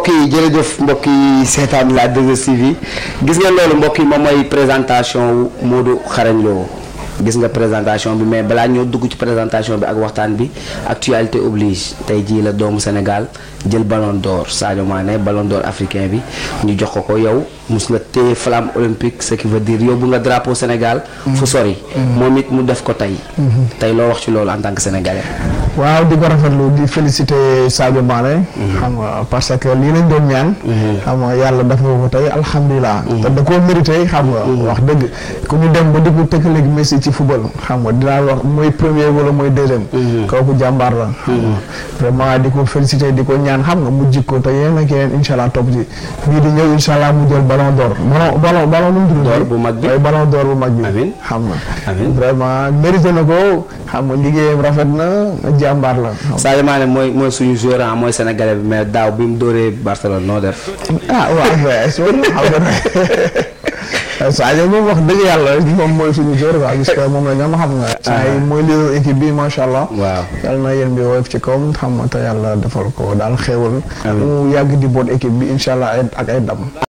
mbokk yi jërëjëf mbokk yi seetaan la 2STV gis nga loolu mbokk yi moom mooy présentation wu Modou Xarañ Lo gis nga présentation bi mais balaa ñoo dugg ci présentation bi ak waxtaan bi actualité oblige tey jii la doomu Sénégal jël ballon d'or Sadio Mané ballon d'or africain bi ñu jox ko ko yow mus nga téye flamme olympique ce qui veut yóbbu nga drapeau Sénégal. Mm-hmm. fu sori. Mm-hmm. moom it mu def ko tey. Mm-hmm. tey loo wax ci loolu en tant que sénégalais. waaw di ko rafetlu di féliciter Sadio Mané. xam nga parce que lii lañ doon ñaan. xam nga yàlla def nga ko tey alhamdulilah. da koo mérité xam nga. wax dëgg ku ñu dem ba di ko tëkkaleeg Messi ci ci football xam nga dinaa wax mooy premier wala mooy deuxième. kooku jàmbaar la. vraiment di ko féliciter di ko ñaan xam nga mu ko te yéen a keneen incha allah topp ci bii di ñëw incha mu jël ballon d'or ballon ballon ballon nu bu mag bi ballon bu mag bi. amiin xam nga. amiin vraiment mérité na ko xam nga liggéeyam rafet na jàmbaar la. Sadio Mané mooy mooy suñu joueur mooy sénégalais bi mais daaw bi mu dóoree Barcelone noo def. Sadio moom wax dëgg yàlla moom mooy suñu joueur quoi puisque moom la ñoom xam nga. Ah. ay mooy leader équipe bi macha allah. waaw yal na yéen bi woyof ci kawam xam nga te yàlla defal ko daal xéewal. mu yàgg di boot équipe bi incha allah ak ay dam.